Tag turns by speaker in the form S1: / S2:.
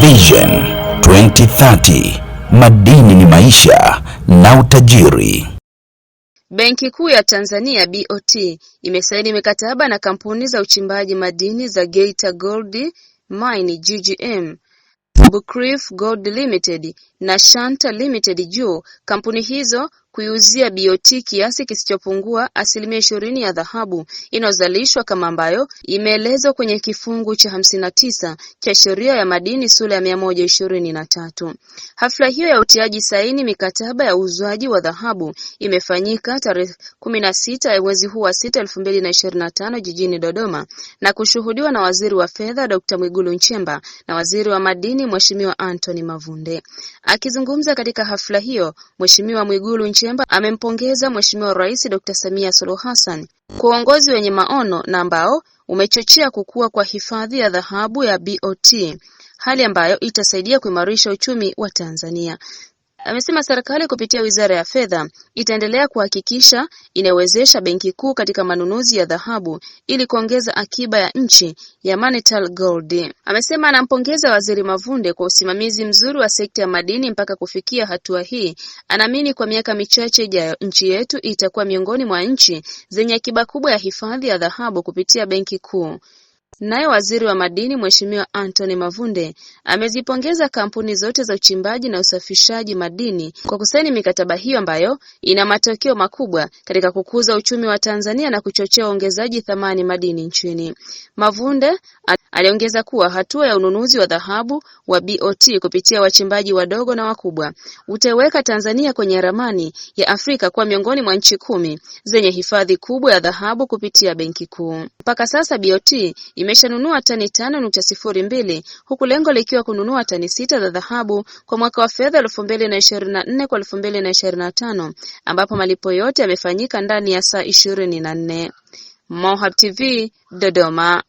S1: Vision 2030 madini ni maisha na utajiri.
S2: Benki Kuu ya Tanzania BOT imesaini mikataba na kampuni za uchimbaji madini za Geita Gold Mine GGM, Bukrif Gold Limited na Shanta Limited juu kampuni hizo kuiuzia BoT kiasi kisichopungua asilimia ishirini ya dhahabu inayozalishwa kama ambayo imeelezwa kwenye kifungu cha hamsini na tisa cha Sheria ya Madini sura ya mia moja ishirini na tatu. Hafla hiyo ya utiaji saini mikataba ya uuzwaji wa dhahabu imefanyika tarehe kumi na sita ya mwezi huu wa sita elfu mbili na ishirini na tano jijini Dodoma na kushuhudiwa na Waziri wa Fedha Dr. Mwigulu Nchemba na Waziri wa Madini Mheshimiwa Anthony Mavunde. Akizungumza katika hafla hiyo, Mheshimiwa Mwigulu Nchemba Temba amempongeza Mheshimiwa Rais Dr. Samia Suluhu Hassan kwa uongozi wenye maono na ambao umechochea kukua kwa hifadhi ya dhahabu ya BOT hali ambayo itasaidia kuimarisha uchumi wa Tanzania Amesema serikali kupitia Wizara ya Fedha itaendelea kuhakikisha inawezesha Benki Kuu katika manunuzi ya dhahabu ili kuongeza akiba ya nchi ya Manital Gold. Amesema anampongeza Waziri Mavunde kwa usimamizi mzuri wa sekta ya madini mpaka kufikia hatua hii. Anaamini kwa miaka michache ijayo nchi yetu itakuwa miongoni mwa nchi zenye akiba kubwa ya hifadhi ya dhahabu kupitia Benki Kuu. Naye Waziri wa Madini Mheshimiwa Anthony Mavunde amezipongeza kampuni zote za uchimbaji na usafishaji madini kwa kusaini mikataba hiyo ambayo ina matokeo makubwa katika kukuza uchumi wa Tanzania na kuchochea uongezaji thamani madini nchini. Mavunde Aliongeza kuwa hatua ya ununuzi wa dhahabu wa BOT kupitia wachimbaji wadogo na wakubwa utaiweka Tanzania kwenye ramani ya Afrika kuwa miongoni mwa nchi kumi zenye hifadhi kubwa ya dhahabu kupitia Benki Kuu. Mpaka sasa BOT imeshanunua tani tano nukta sifuri mbili huku lengo likiwa kununua tani sita za dhahabu kwa mwaka wa fedha elfu mbili na ishirini na nne kwa elfu mbili na ishirini na tano ambapo malipo yote yamefanyika ndani ya saa ishirini na nne. Mohab TV, Dodoma.